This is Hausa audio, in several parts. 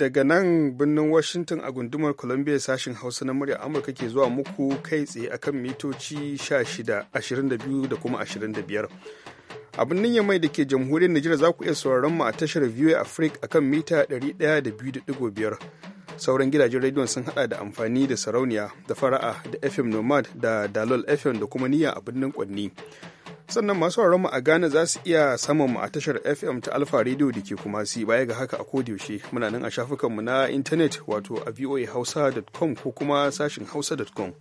daga nan birnin Washington a gundumar Columbia sashen Hausa na murya Amurka ke zuwa muku kai tsaye akan mitoci 16, 22 da kuma 25. A birnin Yamai da ke jamhuriyar nigeria za ku iya sauraron mu a tashar VOA Africa akan mita 102.5. sauran gidajen rediyon sun hada da amfani da sarauniya da fara'a da fm nomad da dalol fm da kuma niyya a birnin kwanni sannan masu mu a ghana za su iya samun mu a tashar fm ta alfa rediyo da ke kuma si baya ga haka a kodiyaushe muna nan a shafukanmu na intanet wato a voahausa.com ko kuma sashin hausa.com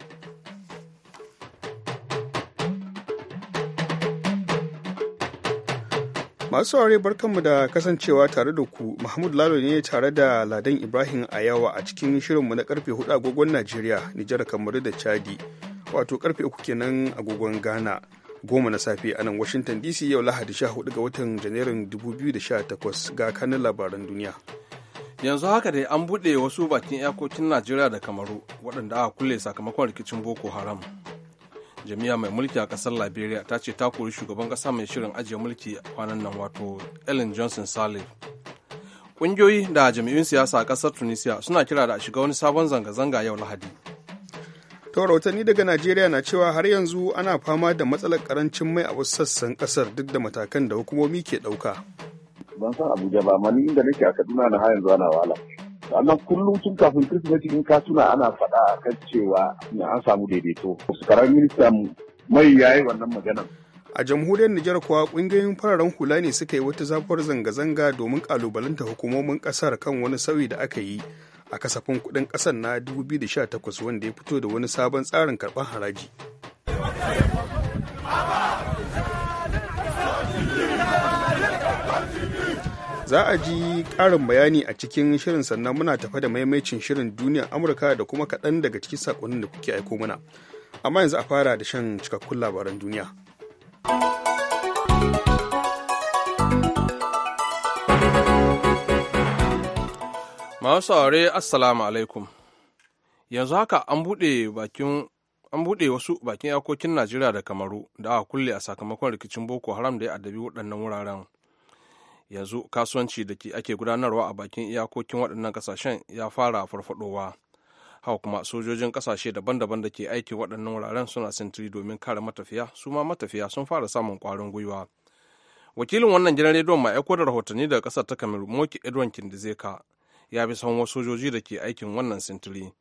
Masu saurare barkanmu da kasancewa tare da ku Mahmud Lalo ne tare da Ladan Ibrahim Ayawa a cikin shirinmu na karfe hudu agogon Najeriya, Nijar Kamaru da Chadi. Wato karfe uku kenan agogon Ghana. Goma na safe a nan washinton DC yau Lahadi 14 ga watan Janairun 2018 ga kanin labaran duniya. Yanzu haka dai an buɗe wasu bakin iyakokin Najeriya da Kamaru waɗanda aka kulle sakamakon rikicin Boko Haram. jami'a mai mulki a kasar liberia ta ce ta kori shugaban kasa mai shirin ajiye mulki a kwanan nan wato ellen johnson salif ƙungiyoyi da jami'in siyasa a kasar tunisia suna kira da a shiga wani sabon zanga-zanga yau lahadi to rahotanni daga najeriya na cewa har yanzu ana fama da matsalar karancin mai a wasu sassan kasar duk da matakan da hukumomi ke ɗauka ban san abuja ba amma ni inda nake a kaduna na har yanzu ana wala. amma kullum tun kafin kirsimeti in ka tuna ana faɗa kan cewa an samu daidaito karar minista mai yayi wannan maganan a jamhuriyar nijar kuwa kungiyoyin fararen hula ne suka yi wata zafuwar zanga-zanga domin kalubalanta hukumomin ƙasar kan wani sauyi da aka yi a kasafin kuɗin ƙasar na 2018 wanda ya fito da wani sabon tsarin karɓar haraji za a ji ƙarin bayani a cikin shirin sannan muna tafa da maimacin shirin duniyar amurka da kuma kaɗan daga cikin saƙonin da kuke aiko mana amma yanzu a fara da shan cikakkun labaran duniya masu saurare assalamu alaikum yanzu haka an buɗe an buɗe wasu bakin yakokin najeriya da kamaru da aka kulle a sakamakon rikicin boko haram da ya addabi waɗannan wuraren yanzu kasuwanci da ake gudanarwa a bakin iyakokin waɗannan kasashen ya fara farfadowa hau kuma sojojin ƙasashe daban-daban da ke aiki waɗannan wuraren suna sintiri domin kare matafiya su ma matafiya sun fara samun kwarin gwiwa wakilin wannan gidan rediyon ma aiko da rahotanni daga ƙasar ta kamar moki edwin kindizeka ya bi sahun sojoji da ke aikin wannan sintiri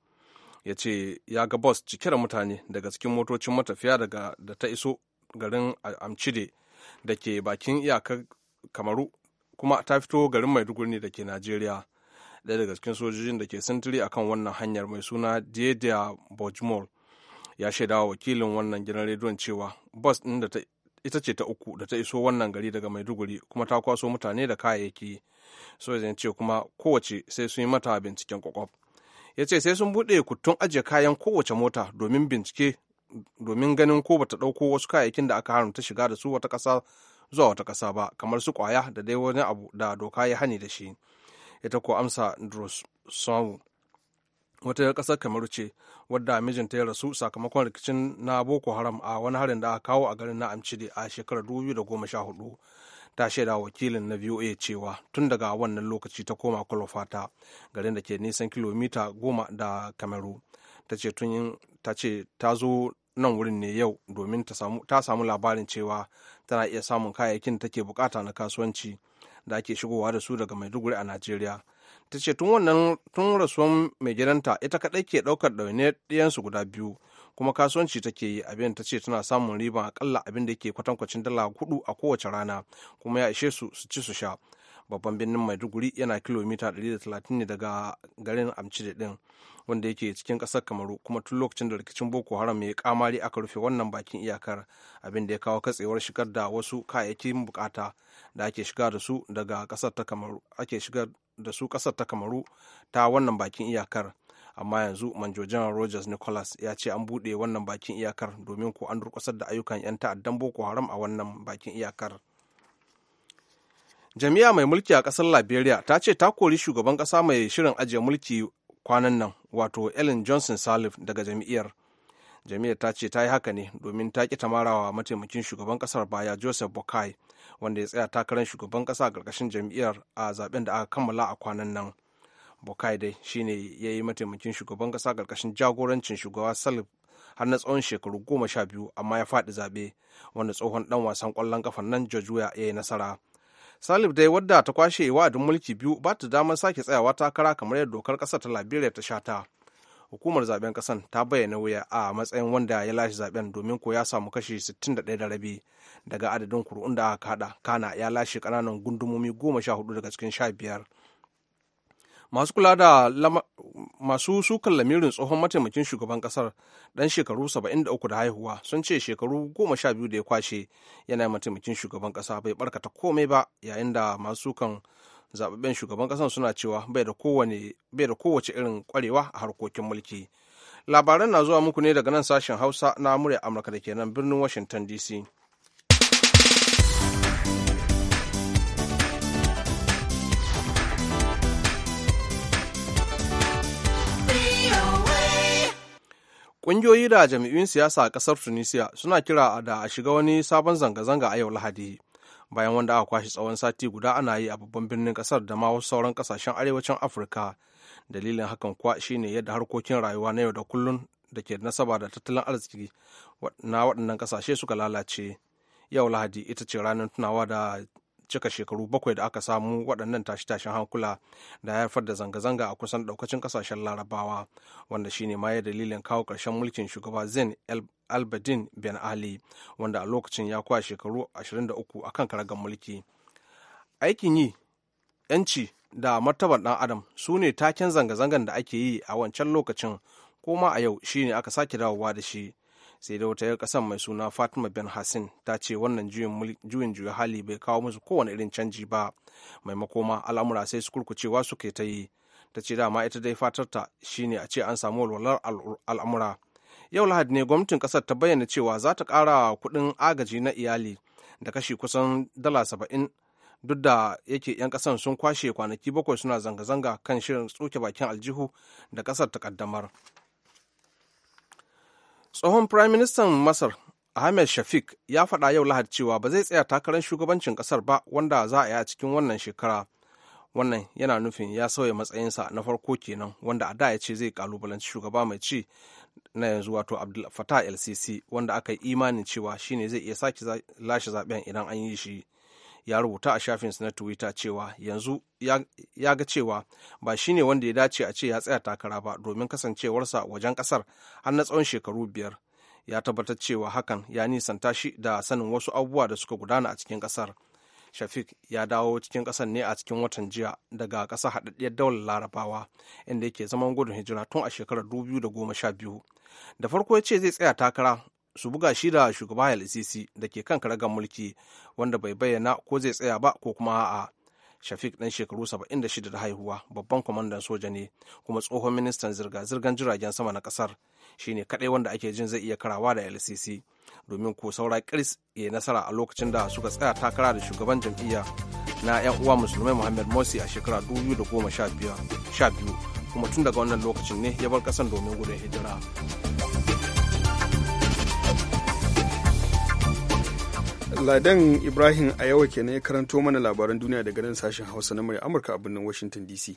ya ce ya ga bus cike da mutane daga cikin motocin matafiya daga da ta iso garin amcide da ke bakin iyakar kamaru kuma ta fito garin maiduguri ne da ke najeriya ɗaya daga cikin sojojin da ke sintiri akan wannan hanyar mai suna dedia bojmol ya shaidawa wakilin wannan gidan rediyon cewa bus ɗin da ita ce ta uku da ta iso wannan gari daga maiduguri kuma ta kwaso mutane da kayayyaki sojojin ce kuma kowace sai sun yi mata binciken kwakwaf ya ce sai sun buɗe kutun ajiye kayan kowace mota domin bincike domin ganin ko bata ɗauko wasu kayayyakin da aka haramta shiga da su wata kasa. zuwa wata ƙasa ba kamar su kwaya da dai wani abu da doka ya hani da shi ita ko amsa drosomu wata ƙasar kamaru ce wadda mijinta ya rasu sakamakon rikicin na boko haram a wani harin da aka kawo a garin na amcide a shekarar sha hudu ta shaida wakilin na voa cewa tun daga wannan lokaci ta koma kolofata garin da ke nisan kilomita goma da kamaru ta ce ta zo nan wurin ne yau domin ta samu labarin cewa tana iya samun kayayyakin da take bukata na kasuwanci da ake shigowa da su daga maiduguri a najeriya ta ce tun wannan tun rasuwan mai gidanta ita kadai ke daukar ɗaune ɗiyansu guda biyu kuma kasuwanci take yi abin ta ce tana samun riba akalla abin da yake kwatankwacin dala hudu a kowace rana kuma ya ishe su su ci su sha babban birnin maiduguri yana kilomita 130 daga garin amcide din wanda yake cikin ƙasar kamaru kuma tun lokacin da rikicin boko haram mai kamari aka rufe wannan bakin iyakar abin da ya kawo katsewar shigar da wasu kayayyakin bukata da ake shiga da su daga kasar ta kamaru ake shigar da su ƙasar ta kamaru ta wannan bakin iyakar amma yanzu manjojan rogers nicholas ya ce an buɗe wannan bakin iyakar domin ko an durƙusar da ayyukan 'yan ta'addan boko haram a wannan bakin iyakar jami'a mai mulki a ƙasar liberia ta ce ta kori shugaban ƙasa mai shirin ajiye mulki kwanan nan wato ellen johnson salif daga jami'iyar jami'ar ta ce ta yi haka ne domin ta ki tamarawa mataimakin shugaban ƙasar baya joseph bokai wanda ya tsaya takarar shugaban ƙasa a ƙarƙashin jami'ar a zaben da aka kammala a kwanan nan bokai dai shine ya yi mataimakin shugaban ƙasa ƙarƙashin jagorancin shugaba salif har na tsawon shekaru goma sha biyu amma ya faɗi zaɓe wanda tsohon ɗan wasan ƙwallon ƙafan nan george weah ya yi nasara salif dai wadda ta kwashe wa'adin mulki biyu ba ta damar sake tsayawa takara kamar yadda dokar kasa ta liberia ta shata hukumar zaben kasan ta bayyana wuya a matsayin wanda ya lashe zaben domin ko ya samu kashi 61 da rabi daga adadin kuru'un da aka kada kana ya lashe kananan gundumomi 14 daga cikin 15 masu kula da masu sukan lamirin tsohon mataimakin shugaban kasar dan shekaru 73 da haihuwa sun ce shekaru 12 da ya kwashe yana mataimakin shugaban kasa bai barkata komai ba yayin da masu sukan zababben shugaban kasar suna cewa bai da kowace irin kwarewa a harkokin mulki labaran na zuwa muku ne daga nan sashen hausa na murya amurka da ke nan birnin washington dc Ƙungiyoyi da jami'in siyasa a ƙasar Tunisia suna kira da a shiga wani sabon zanga-zanga a yau Lahadi. Bayan wanda aka kwashe tsawon sati guda ana yi a babban birnin ƙasar da ma wasu sauran ƙasashen arewacin Afirka. Dalilin hakan kuwa shine yadda harkokin rayuwa na yau da kullun da ke nasaba da tattalin arziki na waɗannan ƙasashe suka lalace. Yau Lahadi ita ce ranar tunawa da cika shekaru bakwai da aka samu waɗannan tashe-tashen hankula da ya haifar da zanga-zanga a kusan ɗaukacin ƙasashen larabawa wanda shine ma ya dalilin kawo ƙarshen mulkin shugaba zain albadin ben ali wanda a lokacin ya kwa shekaru 23 a kan karagar mulki aikin yi 'yanci da martabar ɗan adam su ne taken zanga-zangan da ake yi a wancan lokacin ko a yau shine aka sake dawowa da shi sai da wata 'yar kasan mai suna fatima ben hassan ta ce wannan juyin juya hali bai kawo musu kowane irin canji ba maimako ma al'amura sai su kurkucewa suke ta yi ta ce dama ita dai fatarta shine a ce an samu walwalar al'amura yau lahadi ne gwamnatin kasar ta bayyana cewa za ta kara kuɗin agaji na iyali da kashi kusan dala saba'in duk da yake 'yan kasan sun kwashe kwanaki bakwai suna zanga-zanga kan shirin tsoke bakin aljihu da kasar ta kaddamar Tsohon Firaministan Masar Ahmed Shafik ya faɗa yau Lahadi cewa ba zai tsaya takarar shugabancin ƙasar ba wanda za a yi a cikin wannan shekara. Wannan yana nufin ya sauya matsayinsa na farko kenan wanda a da ya ce zai kalubalanci shugaba mai ci na yanzu wato Abdul Fattah el wanda aka yi imanin cewa shine zai iya sake lashe zaben idan an yi shi. ya rubuta a shafinsa na twitter cewa yanzu ya ga cewa ba shi ne wanda ya dace a ce ya tsaya takara ba domin kasancewarsa wajen kasar har na tsawon shekaru biyar ya tabbatar cewa hakan ya nisanta shi da sanin wasu abubuwa da suka gudana a cikin kasar shafik ya dawo cikin kasar ne a cikin watan jiya daga kasa haɗaɗɗiyar daular larabawa inda yake zaman gudun hijira tun a shekarar 2012 da farko ya ce zai tsaya takara su buga shi da shugaba Hayal Sisi da ke kan karagar mulki wanda bai bayyana ko zai tsaya ba ko kuma a Shafik ɗan shekaru 76 da haihuwa babban kwamandan soja ne kuma tsohon ministan zirga-zirgar jiragen sama na kasar shi ne kaɗai wanda ake jin zai iya karawa da LCC domin ko saura kiris ya nasara a lokacin da suka tsaya takara da shugaban jam'iyya na 'yan uwa musulmai Muhammad Morsi a shekara 2012 kuma tun daga wannan lokacin ne ya bar kasa domin gudun hijira. Ladan Ibrahim a yau kenan ya karanto mana labaran duniya daga nan sashen Hausa na murya Amurka a birnin Washington DC.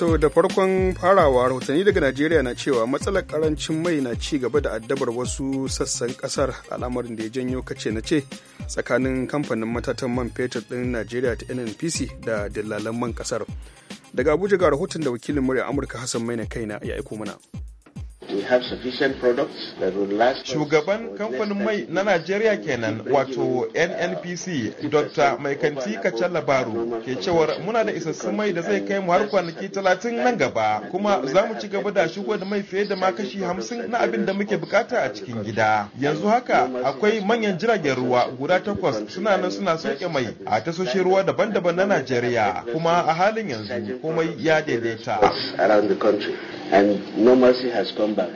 To da farkon farawa rahotanni daga Najeriya na cewa matsalar karancin mai na ci gaba da addabar wasu sassan kasar al'amarin da ya janyo kace na ce tsakanin kamfanin matatan man fetur ɗin Najeriya ta NNPC da dillalan man kasar. daga abuja ga rahoton da wakilin murya amurka hassan maina kaina ya aiko mana Shugaban kamfanin mai na Najeriya kenan wato uh, NNPC Dr. Maikanti Kacal Labaru ke cewar muna da isassun mai da zai kai mu har kwanaki talatin nan gaba kuma za mu ci gaba da shigo da mai fiye da ma kashi hamsin na abin da muke bukata a cikin gida. Yanzu haka akwai manyan jiragen ruwa guda takwas suna nan suna sauke mai a tasoshin ruwa daban-daban na Najeriya kuma a halin yanzu komai ya daidaita. and normalcy has come back.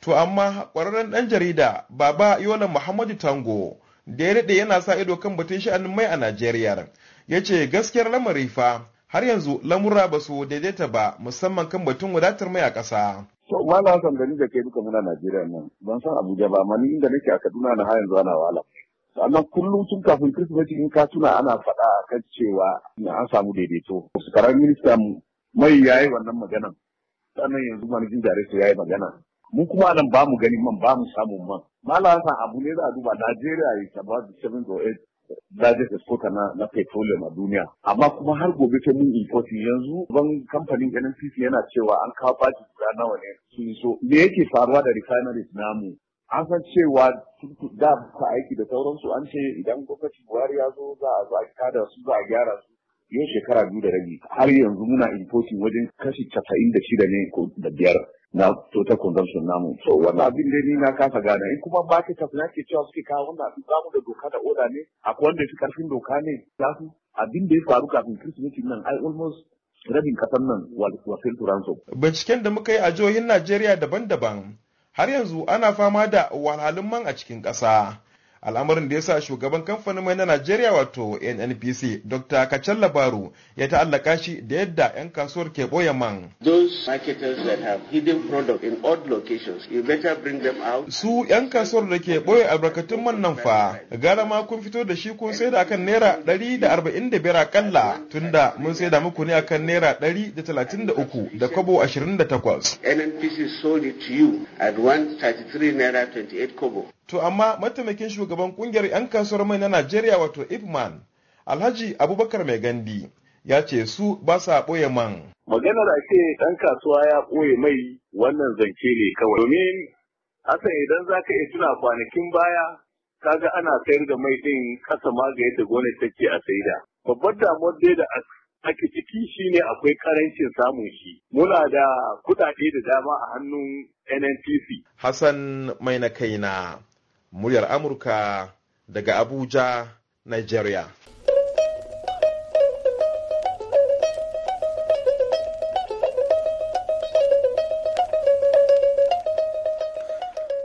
To amma ƙwararren ɗan jarida Baba Yola Muhammadu Tango da ya daɗe yana sa ido kan batun sha'anin mai a Najeriya ya ce gaskiyar lamari fa har yanzu lamura ba su daidaita ba musamman kan batun wadatar mai a ƙasa. To mala Hassan gani da ke duka muna Najeriya nan ban san Abuja ba amma ni inda nake a Kaduna na har yanzu ana wahala. sannan kullum tun kafin Kirsimeti in ka tuna ana faɗa kan cewa an samu daidaito. Karar ministan mai yayi wannan maganan sannan yanzu manajin director ya yi magana mu kuma nan ba mu gani man ba mu samun man malam hassan abu ne za a duba najeriya ya ta ba seven to largest exporter na, na petroleum a duniya amma kuma har gobe ta mun import yanzu ban kamfanin NNPC yana cewa an kawo baki guda nawa ne sun so me yake faruwa da refineries namu an san cewa da ta aiki da sauransu an ce idan gwamnati buhari ya zo za a zo a kada su za a gyara su yau shekara biyu da rabi har yanzu muna importing wajen kashi casa'in da shida ne da biyar na total consumption namu so wannan abin dai ni na kasa gane in kuma ba ta na ke cewa suke kawo wannan abin samun da doka da oda ne akwai wanda fi karfin doka ne za su abin da ya faru kafin kirsimeti nan ai almost rabin kasar nan wasil turanso. binciken da muka yi a jihohin najeriya daban-daban har yanzu ana fama da wahalhalun man a cikin ƙasa al'amarin da ya sa shugaban kamfanin mai na najeriya wato nnpc dr kacal labaru ya ta'allaka shi da yadda 'yan kasuwar ke ɓoye man su 'yan kasuwar da ke boye albarkatun man nan fa gara ma kun fito da shi kun sai da akan naira 145 akalla tunda mun sai da muku ne akan naira 133 da kobo 28 nnpc sold it to you at 133 naira 28 kobo To amma mataimakin shugaban kungiyar 'yan kasuwar mai na Najeriya wato Ipman, Alhaji Abubakar Mai Gandi, ya ce su ba sa ɓoye man. Maganar a ce ɗan kasuwa ya ɓoye mai wannan zance ne kawai. Domin hasan idan za ka iya tuna kwanakin baya kaga ana sayar da mai ɗin ƙasa ma ga yadda gwamnati take a saida. Babbar damuwar dai da ake ciki shine akwai karancin samun shi. Muna da kuɗaɗe da dama a hannun NNPC. Hassan mai na kaina. muryar Amurka daga Abuja, Nigeria.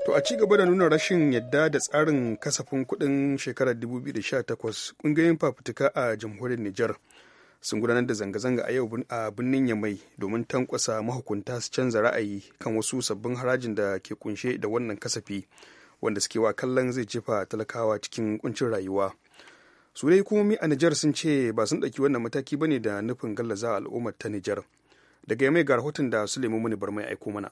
To a ci gaba da nuna rashin yadda da tsarin kasafin kudin shekarar 2018 kungiyoyin fafutuka a jamhuriyar Nijar sun gudanar da zanga-zanga a yau a birnin Yamai domin tankwasa mahukunta su canza ra'ayi kan wasu sabbin harajin da ke kunshe da wannan kasafi. wanda suke wa kallon zai jefa talakawa cikin kuncin rayuwa su dai hukumomi a nijar sun ce ba sun ɗauki wannan mataki ba ne da nufin gallaza al'ummar ta nijar daga yamai ga rahoton da sulaimu muni bar mai aiko mana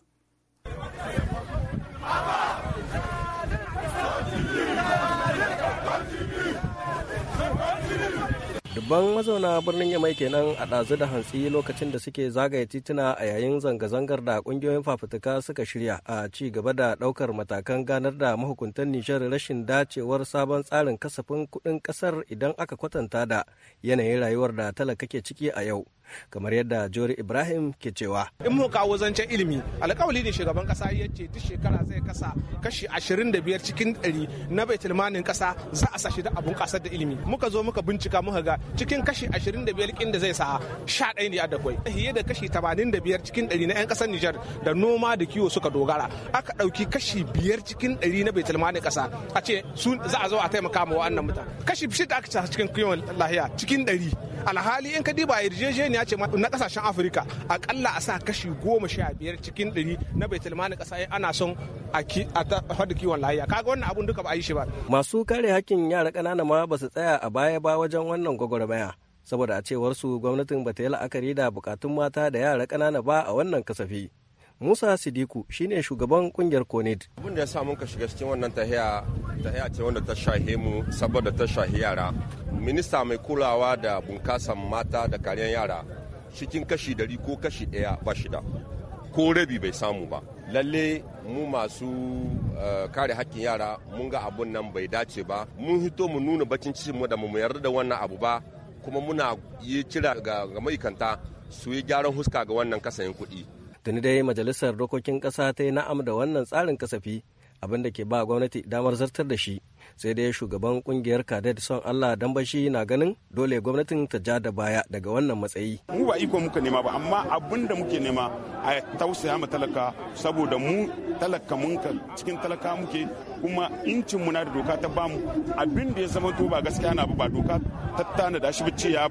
dubban mazauna birnin yamai kenan a ɗazu da hantsi lokacin da suke zagaye tituna a yayin zanga-zangar da ƙungiyoyin fafutuka suka shirya a ci gaba da ɗaukar matakan ganar da mahukuntan nishar rashin dacewar sabon tsarin kasafin kuɗin ƙasar idan aka kwatanta da yanayin rayuwar da talaka ke ciki a yau kamar yadda jori ibrahim ke cewa in mu kawo zancen ilimi alkawali ne shugaban kasa ya ce duk shekara zai kasa kashi 25 cikin 100 na baitulmanin kasa za a sashi da abun kasar da ilimi muka zo muka bincika muka ga cikin kashi 25 kin da zai sa sha ɗaya ne a dakwai fiye da kashi 85 cikin 100 na 'yan kasar Nijar da noma da kiwo suka dogara aka dauki kashi 5 cikin 100 na baitul mali kasa a ce su za a zo a taimaka ma wa'annan mutan kashi shida aka ci cikin kiwon lahiya cikin 100 alhali in ka diba yarjejeniya ce na kasashen afirka akalla a sa kashi goma sha biyar cikin ɗari na baitul malin ƙasa ana son a hada kiwon lahiya kaga wannan abun duka ba a yi shi ba masu kare hakkin yara ƙanana ma ba su tsaya a baya ba wajen wannan gwagwarmaya baya saboda a cewar su gwamnatin ta yi la'akari da bukatun mata da yara kanana ba a wannan kasafi musa sidiku shine shugaban kungiyar konid abin da ya sa muka shiga cikin wannan tahiya tahiya ce wanda ta shahe mu saboda ta shahi yara minista mai kulawa da bunkasan mata da kariyar yara cikin kashi dari ko kashi ɗaya ba shida ko rabi bai samu ba lalle mu masu eh, kare hakkin yara mun ga abun nan bai dace ba mun hito mu nuna bacin mu da mu yarda da wannan abu ba kuma muna yi kira ga ma'aikanta su yi gyaran huska ga wannan kasayin kuɗi. Tuni dai majalisar dokokin ƙasa ta yi na'am da wannan tsarin kasafi abin da ke ba gwamnati damar zartar da shi sai dai shugaban kungiyar kadet son allah dan bashi na ganin dole gwamnatin ta ja da baya daga wannan matsayi mu ba iko muka nema ba amma abin da muke nema a tausaya ma talaka saboda mu talaka mun ka cikin talaka muke kuma incin na da doka ta bamu abin da ya zama to ba gaskiya na ba doka ta tana da shi ba ya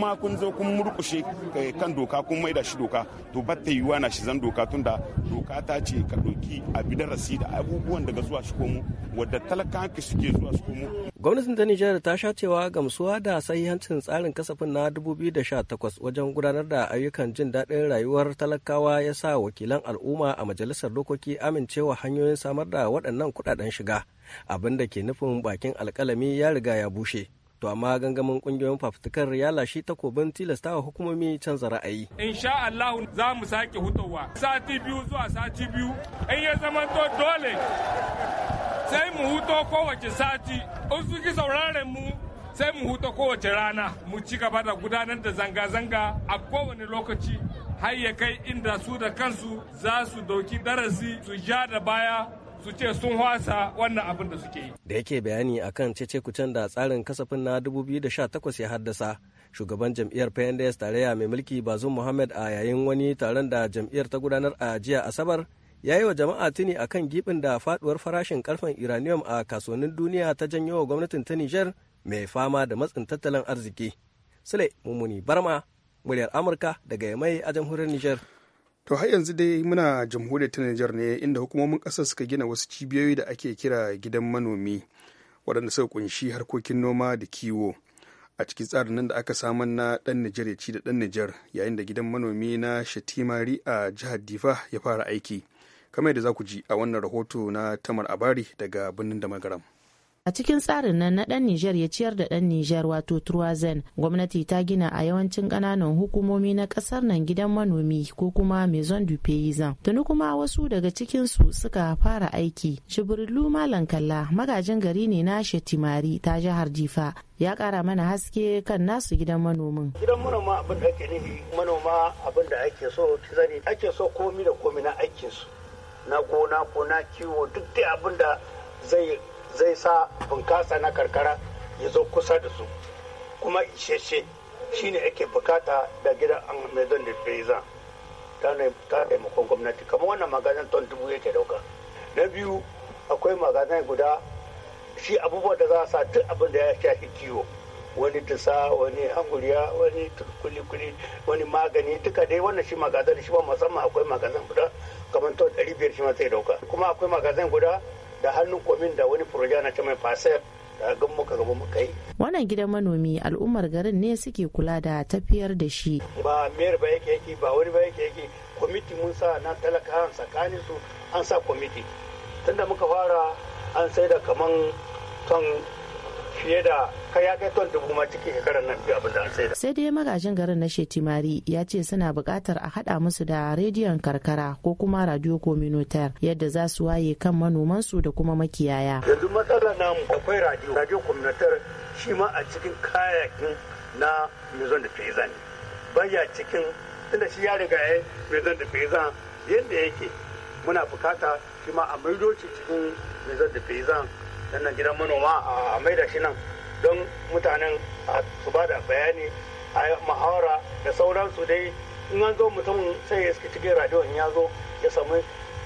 ma kun zo kun murkushe eh, kan doka kun maida shi doka to ba ta yiwuwa na shi zan doka tunda doka ta ce ka doki a bi darasi da abubuwan daga zuwa shi komo wadda ka suke zuwa su komo. Gwamnatin ta Nijar ta sha cewa gamsuwa da sahihancin tsarin kasafin na 2018 wajen gudanar da ayyukan jin daɗin rayuwar talakawa ya sa wakilan al'umma a majalisar dokoki amincewa hanyoyin samar da waɗannan kuɗaɗen shiga abinda ke nufin bakin alkalami ya riga ya bushe. to amma gangamin kungiyoyin fafutukar ya lashe takobin tilasta wa hukumomi canza ra'ayi insha Allah za mu sake hutowa sati biyu zuwa sati biyu in ya zama to dole sai mu huto kowace sati in su ki sauraren mu sai mu huta kowace rana mu ci gaba da gudanar da zanga-zanga a kowane lokaci har ya kai inda su da kansu za su dauki darasi su ja da baya su ce sun wasa wannan abin da suke yi. Da yake bayani a akan cece kucen da tsarin kasafin na 2018 ya haddasa, shugaban jam'iyyar PNDS tarayya mai mulki bazu Muhammad a yayin wani taron da jam'iyyar ta gudanar a jiya Asabar ya yi wa jama'a tuni akan gibin da faduwar farashin karfen uranium a kasuwannin duniya ta janyo wa gwamnatin ta Nijar mai fama da matsin tattalin arziki. Sule Mummuni Barma, muryar Amurka daga Yamai a jamhuriyar Nijar. to har yanzu dai muna jamhuriyar ta Nijar ne inda hukumomin ƙasar suka gina wasu cibiyoyi da ake kira gidan manomi waɗanda suka kunshi harkokin noma da kiwo a cikin tsarin nan da aka samar na ɗan Nijar ya ci da ɗan Nijar yayin da gidan manomi na Shatimari a jihar Difa ya fara aiki kamar yadda za ku ji a wannan rahoto na Tamar Abari daga birnin Damagaram. A cikin tsarin nan na ɗan Nijar ya ciyar da ɗan Nijar wato Truazen, gwamnati ta gina a yawancin kananan hukumomi na ƙasar nan gidan manomi ko kuma Maison du Paysan. Tuni kuma wasu daga cikinsu suka fara aiki. shibirlu Malam Kalla magajin gari ne na Shetimari ta jihar Jifa ya kara mana haske kan nasu gidan manomin. Gidan manoma abin da ake nufi manoma abin da ake so zari ake so komi da komi na aikinsu na gona ko na kiwo duk dai abin da zai zai sa bunkasa na karkara ya zo kusa da su kuma isheshe ne ake bukata da gidan don da zan ta taimakon gwamnati kamar wannan magazin ton dubu yake dauka na biyu akwai magazin guda shi abubuwa da za a sa duk abin da ya shafi kiwo wani tusa wani hanguriya wani kulikuli wani magani duka dai wannan shi magazin shi ba musamman akwai magazin guda kamar ton ɗari biyar shi ma zai dauka kuma akwai magazin guda da hannun kwamin da wani furoja na ta mai fasayar da gan muka gaba muka yi. Wannan gidan manomi al'ummar garin ne suke kula da tafiyar da shi. Ba mayar ba yake yake ba wani ba yake yake kwamiti mun sa na talaka tsakanin su an sa kwamiti. Tunda muka fara an sai da kaman ton fiye da kai ya kai ton dubu ma cikin shekarar nan biyu abin da an saida. sai dai magajin garin na shetimari ya ce suna buƙatar a haɗa musu da rediyon karkara ko kuma radio communautaire yadda za su waye kan manomansu da kuma makiyaya. yanzu matsalar namu akwai radio radio communautaire shi ma a cikin kayakin na maison de paysan baya cikin tunda shi ya riga ya maison da paysan yadda yake muna bukata shi ma a maido cikin maison de paysan nan gidan manoma a maida shi nan don mutanen su ba da bayani a muhawara da sauransu dai in an zo mutum sai ya cikin radiyon ya zo ya samu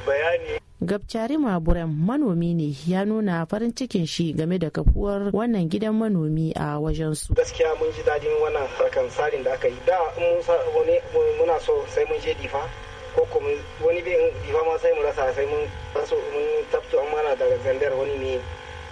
bayani gabcari maburan manomi ne ya nuna farin cikin shi game da kafuwar wannan gidan manomi a wajen su gaskiya mun ji dadin wannan harkan tsarin da aka yi da mun wani muna so sai mun je difa ko kuma wani bin difa ma sai mu rasa sai mun tafi an mana daga zandar wani ne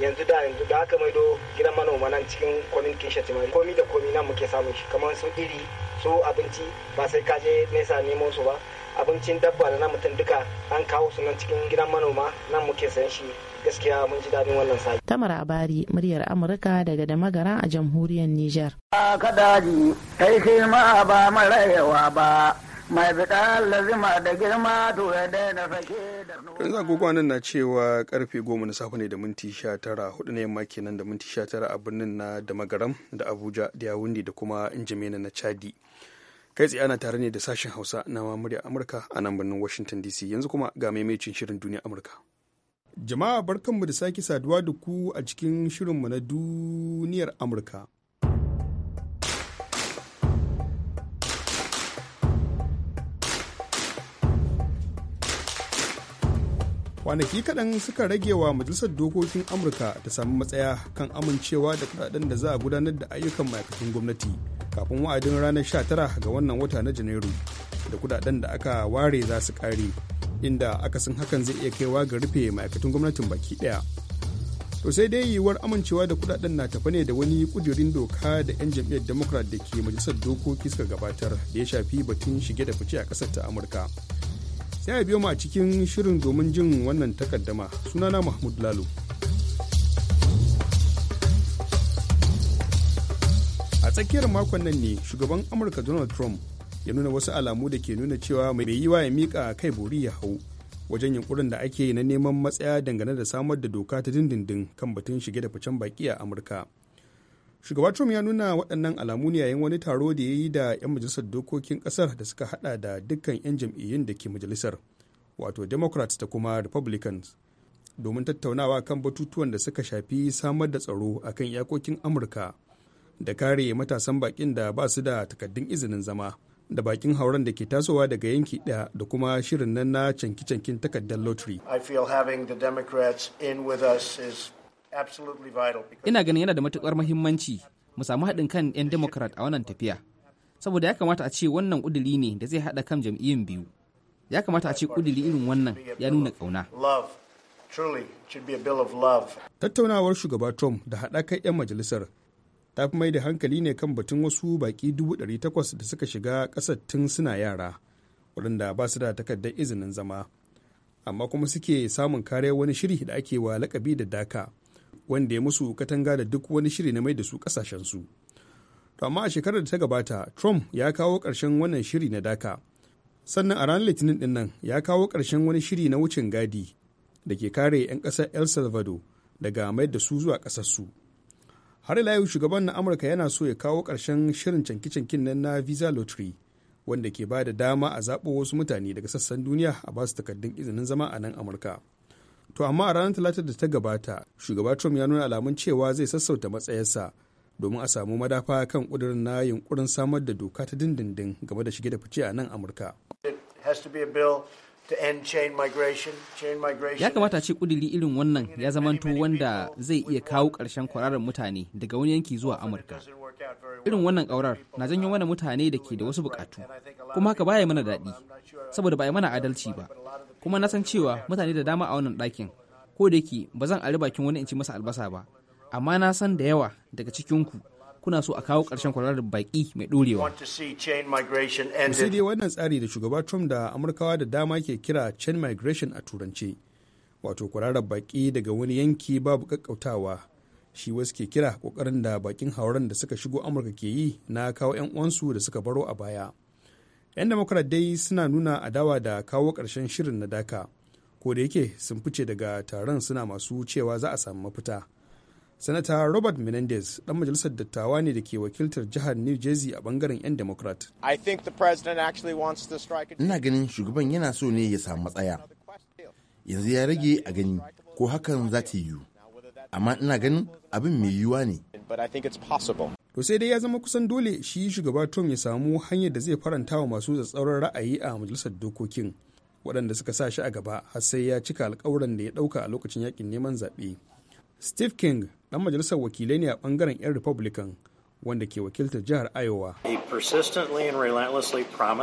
yanzu da yanzu da aka maido gidan manoma nan cikin communication shetimari komi da komi nan muke samun shi kamar su iri su abinci ba sai ka je nesa nemo su ba abincin dabba da na mutum duka an kawo su nan cikin gidan manoma nan muke sayan shi gaskiya mun ji daɗin wannan sai. Tamar Abari muryar Amurka daga da magara a jamhuriyar Nijar. A kadaji kai ma ba mara yawa ba mai fitar lazima da girma to ya daina fashe da yanzu na cewa karfe goma na safe ne da minti sha tara hudu na yamma kenan da minti sha tara a birnin na da magaram da abuja da yawundi da kuma injimena na chadi kai tsaye ana tare ne da sashen hausa na murya amurka a nan birnin washington dc yanzu kuma ga maimacin shirin duniya amurka jama'a barkanmu da sake saduwa da ku a cikin shirin mu na duniyar amurka kwanaki kaɗan suka rage wa majalisar dokokin amurka ta sami matsaya kan amincewa da kudaden da za a gudanar da ayyukan ma'aikatan gwamnati kafin wa'adin ranar 19 ga wannan wata na janairu da kudaden da aka ware za su ƙare inda akasin hakan zai iya kaiwa ga rufe ma'aikatan gwamnatin baki ɗaya to sai dai yiwuwar amincewa da kudaden na tafane da wani kudirin doka da 'yan jam'iyyar democrat da ke majalisar dokoki suka gabatar da ya shafi batun shige da fice a ƙasar ta amurka sai a biyo mu a cikin shirin domin jin wannan takaddama sunana mahmud lalo a tsakiyar makon nan ne shugaban amurka donald trump ya nuna wasu alamu da ke nuna cewa mai yiwa ya miƙa kai bori ya hau wajen yunkurin da ake na neman matsaya dangane da samar da doka ta dindindin kan batun shige da ficen baki a amurka shugaba trump ya nuna waɗannan alamu ne yayin wani taro da ya yi da 'yan majalisar dokokin ƙasar da suka hada da dukkan 'yan jam'iyyun da ke majalisar wato democrats da kuma republicans domin tattaunawa kan batutuwan da suka shafi samar da tsaro a kan iyakokin amurka da kare matasan bakin da ba su da takaddun izinin zama da bakin hauren da ke tasowa daga yanki ɗaya da kuma shirin nan na canki-cankin takardar lottery. I having the Democrats in with Ina ganin yana da matukar mahimmanci mu samu haɗin kan 'yan Democrat a wannan tafiya. Saboda ya kamata a ce wannan ƙuduri ne da zai haɗa kan jam'iyyun biyu. Ya kamata a ce ƙuduri irin wannan ya nuna ƙauna. Tattaunawar shugaba Trump da haɗakar 'yan majalisar ta fi mai da hankali ne kan batun wasu baƙi takwas da suka shiga ƙasar tun suna yara, waɗanda ba su da takardar izinin zama. amma kuma suke samun kare wani shiri da ake wa lakabi da daka wanda ya musu katanga da duk wani shiri na mai da su kasashensu amma a shekarar da ta gabata trump ya kawo ƙarshen wannan shiri na daka sannan a ranar litinin din nan ya kawo ƙarshen wani shiri na wucin gadi da ke kare 'yan ƙasar el salvador daga mai da su zuwa ƙasarsu har ila yau shugaban na amurka yana so ya kawo ƙarshen shirin canke-canken nan na visa lottery wanda ke ba da dama a zaɓo wasu mutane daga sassan duniya a basu takardun izinin zama a nan amurka to amma a ranar talatar da ta gabata shugaba trump ya nuna alamun cewa zai sassauta matsayarsa domin a samu madafa kan kudirin na yunkurin samar da doka ta dindindin game da shige da fice a nan amurka ya kamata ce kudiri irin wannan ya zamanto wanda zai iya kawo ƙarshen kwararar mutane daga wani yanki zuwa amurka Irin wannan ƙaurar na janyo mana mutane da ke da wasu buƙatu, kuma haka baya mana daɗi, saboda ba mana adalci ba. Kuma na san cewa mutane da dama a wannan ɗakin, ko da yake ba zan ari bakin wani in ci masa albasa ba, amma na san da yawa daga cikinku kuna so a kawo ƙarshen kwararar baƙi mai ɗorewa. Sai dai wannan tsari da shugaba Trump da Amurkawa da dama ke kira chain migration a turance, wato kwararar baƙi daga wani yanki babu ƙaƙƙautawa shi wasu ke kira kokarin da bakin hauren da suka shigo amurka ke yi na kawo 'yan uwansu da suka baro a baya 'yan demokrat dai suna nuna adawa da kawo karshen shirin na daka ko da yake sun fice daga taron suna masu cewa za a samu mafita sanata robert menendez dan majalisar dattawa ne da ke wakiltar jihar new jersey a bangaren 'yan democrat ina ganin shugaban yana so ne ya samu matsaya yanzu ya rage a gani ko hakan za ta yiwu amma ina ganin abin mai yiwuwa ne. To sai dai ya zama kusan dole shi shugaba Trump ya samu hanyar da zai faranta wa masu tsatsauran ra'ayi a majalisar dokokin waɗanda suka sa shi a gaba har sai ya cika alkawuran da ya ɗauka a lokacin yakin neman zaɓe. Steve King ɗan majalisar wakilai ne a ɓangaren 'yan Republican wanda ke wakiltar jihar Iowa.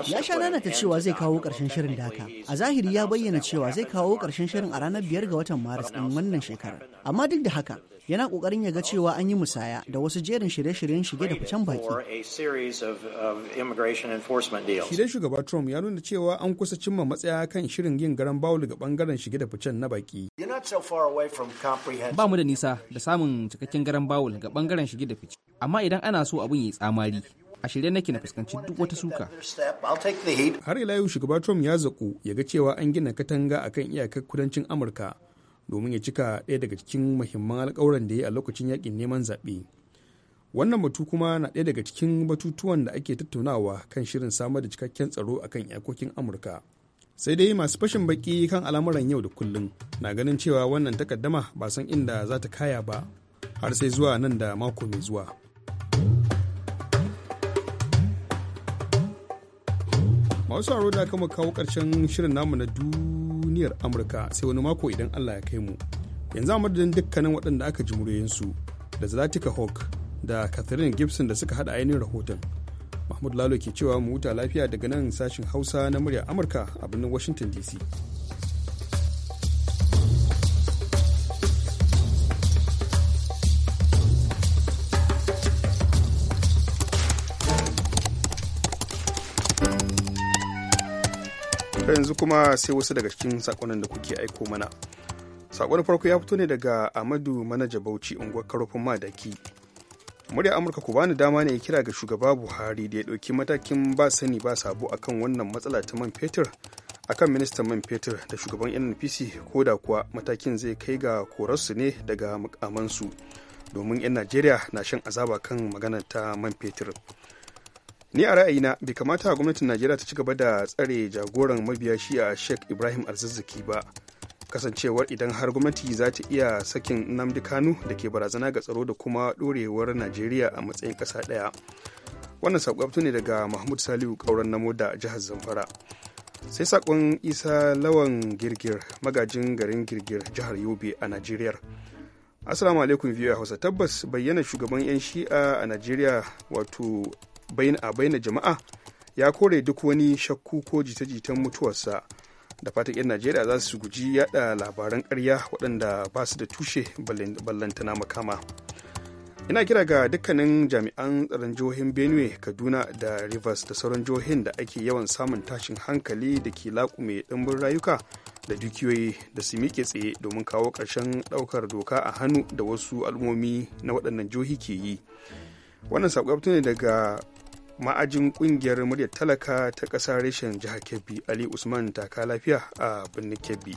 Ya sha nanata cewa zai kawo ƙarshen shirin daka. A zahiri ya bayyana cewa zai kawo ƙarshen shirin a ranar biyar ga watan Maris ɗin wannan shekarar. Amma duk da haka, yana ƙoƙarin ya ga cewa an yi musaya da wasu jerin shirye-shiryen shige da ficen baki. Shirye shugaba Trump ya nuna cewa an kusa cimma matsaya kan shirin yin garan bawul ga bangaren shige da ficen na baki. Ba mu da nisa da samun cikakken garan bawul ga bangaren shige da fice. amma idan ana so abin yi tsamari a shirye nake na fuskanci duk wata suka. Har ila yau shugaba Trump ya zaku ya ga cewa an gina katanga akan iyakar kudancin Amurka domin ya cika ɗaya daga cikin muhimman alkawuran da ya a lokacin yakin neman zaɓe. Wannan batu kuma na ɗaya daga cikin batutuwan da ake tattaunawa kan shirin samar da cikakken tsaro akan iyakokin Amurka. Sai dai masu fashin baki kan al'amuran yau da kullum na ganin cewa wannan takaddama ba san inda za ta kaya ba har sai zuwa nan da mako mai zuwa. masu aro da kama kawo karshen shirin namu na duniyar amurka sai wani mako idan allah ya kai mu yanzu a madadin dukkanin waɗanda aka ji muryoyinsu da zalatika hawk da catherine gibson da suka haɗa ainihin rahoton mahmud lalo ke cewa mu huta lafiya daga nan sashen hausa na murya amurka a birnin washington dc yanzu kuma sai wasu daga cikin sakonnin da kuke aiko mana sakon farko ya fito ne daga amadu manaja bauchi unguwar karofin madaki murya amurka ku bani dama ne kira ga shugaba buhari da ya dauki matakin ba sani ba sabo akan wannan matsala ta man fetur akan ministan man fetur da shugaban nnpc ko da kuwa matakin zai kai ga korarsu ne daga mukamansu domin 'yan najeriya na shan azaba kan magana ta man fetur ni a ra'ayina bai kamata gwamnatin najeriya ta ci gaba da tsare jagoran mabiya shi a sheikh ibrahim alzazzaki ba kasancewar idan har gwamnati za ta iya sakin nnamdi kanu da ke barazana ga tsaro da kuma ɗorewar najeriya a matsayin ƙasa ɗaya wannan saƙo ne daga mahmud saliu ƙauren namo da jihar zamfara sai saƙon isa lawan girgir magajin garin girgir jihar yobe a najeriya Assalamu alaikum biyu Hausa tabbas bayyana shugaban 'yan shi'a a Najeriya wato a baina jama'a ya kore duk wani shakku ko jita-jitan mutuwarsa da fatan 'yan najeriya za su guji yada labaran karya waɗanda ba su da tushe ballantana makama ina kira ga dukkanin jami'an tsaron jihohin benue kaduna da rivers da sauran jihohin da ake yawan samun tashin hankali da ke laƙume ɗimbin rayuka da dukiyoyi da su miƙe tsaye domin kawo ƙarshen ɗaukar doka a hannu da wasu al'ummomi na waɗannan jihohi ke yi wannan saƙo ne daga ma'ajin kungiyar muryar talaka ta ƙasa reshen jihar kebbi ali usman taka lafiya a birnin kebbi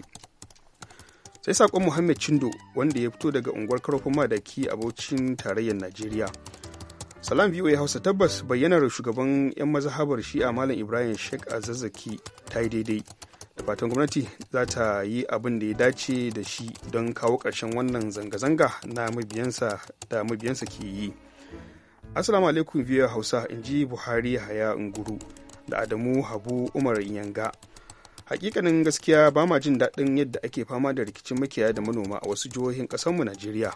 sai sakon muhammad chindo wanda ya fito daga unguwar karfin madaki a abocin tarayyar najeriya salam ya hausa tabbas bayyanar shugaban 'yan mazhabar shi'a malam ibrahim Shekh azazzaki ta yi daidai da fatan gwamnati za ta yi abin da ya dace da shi don kawo ƙarshen wannan zanga-zanga na mabiyansa da mabiyansa ke yi Assalamu alaikum biyar Hausa in ji Buhari Haya Nguru da Adamu Habu Umar Yanga. Hakikanin gaskiya ba ma jin daɗin yadda ake fama da rikicin makiyaya da manoma a wasu jihohin ƙasarmu Najeriya.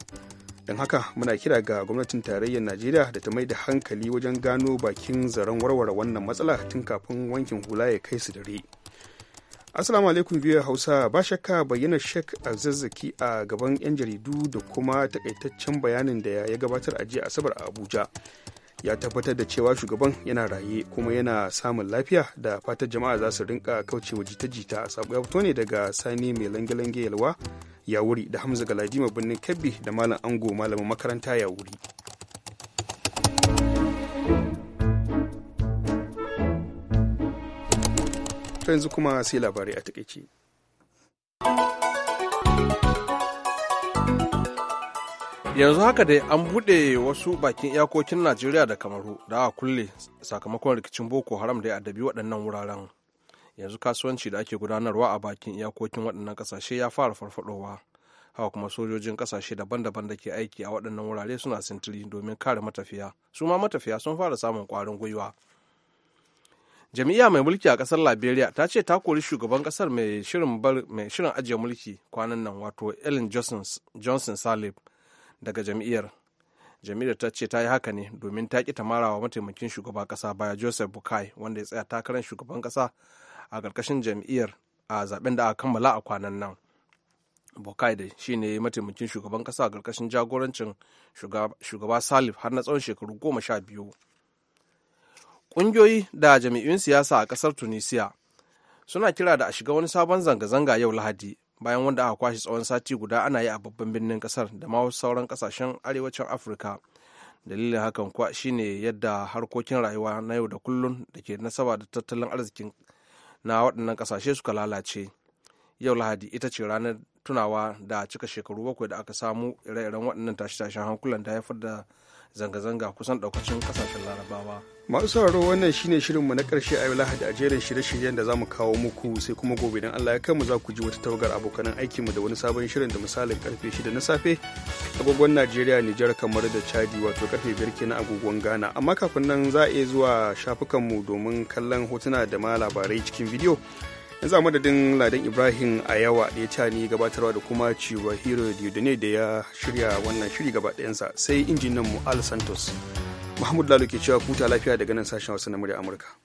Don haka muna kira ga gwamnatin tarayyar Najeriya da ta mai da hankali wajen gano bakin zaren warware wannan matsala tun kafin wankin hula ya kai su dare. Assalamu alaikum biyar Hausa ba shakka bayyana Sheikh zazzaki a gaban 'yan jaridu da kuma takaitaccen bayanin da ya gabatar a jiya Asabar a Abuja. Ya tabbatar da cewa shugaban yana raye kuma yana samun lafiya da fatar jama'a za su rinka kaucewa jita-jita sabo ya fito ne daga Sani mai lange-lange yalwa ya wuri da Hamza Galadima birnin Kebbi da Malam Ango malamin makaranta ya wuri. to yanzu kuma sai labarai a takaice yanzu haka dai an buɗe wasu bakin iyakokin najeriya da kamaru da a kulle sakamakon rikicin boko haram da ya addabi waɗannan wuraren yanzu kasuwanci da ake gudanarwa a bakin iyakokin waɗannan ƙasashe ya fara farfadowa hawa kuma sojojin ƙasashe daban-daban da ke aiki a waɗannan wurare suna sintiri domin kare matafiya su ma matafiya sun fara samun ƙwarin gwiwa jami'a mai mulki a kasar liberia ta ce ta kori shugaban kasar mai shirin ajiye mulki kwanan nan wato ellen johnson salib daga jam'iyyar jam'iyyar ta ce ta yi haka ne domin ta ki ta wa mataimakin shugaban kasa baya joseph bukai wanda ya tsaya takarar shugaban kasa a ƙarƙashin jami'ar a zaben da aka kammala a kwanan nan bukai da shi ne mataimakin shugaban kasa a ƙarƙashin jagorancin shugaba salif har na tsawon shekaru goma sha biyu ƙungiyoyi da jami'in siyasa a kasar tunisia suna kira da a shiga wani sabon zanga-zanga yau lahadi bayan wanda aka kwashe tsawon sati guda ana yi a babban birnin kasar da ma wasu sauran kasashen arewacin afirka dalilin hakan kuwa shine yadda harkokin rayuwa na yau da kullun da ke nasaba da tattalin arzikin na waɗannan kasashe suka lalace yau lahadi ita ce ranar tunawa da cika shekaru bakwai da aka samu ire-iren waɗannan tashe-tashen hankulan da haifar da zanga-zanga kusan daukacin kasashen larabawa masu sauraro wannan shine shirin mu na karshe a lahadi a jerin shirye-shiryen da za mu kawo muku sai kuma gobe don allah ya kai mu za ku ji wata tawagar aiki mu da wani sabon shirin da misalin karfe shida na safe agogon najeriya nijar kamar da chadi wato karfe ke na agogon ghana amma kafin nan za a iya zuwa shafukan mu domin kallon hotuna da ma labarai cikin bidiyo yanzu a madadin ladan ibrahim a yawa da ya ne gabatarwa da kuma ciwa hero diodone da ya shirya wannan shiri gaba ɗayansa sai injinan mu al santos mahmud lalo ke cewa kuta lafiya daga nan sashen wasu na murya amurka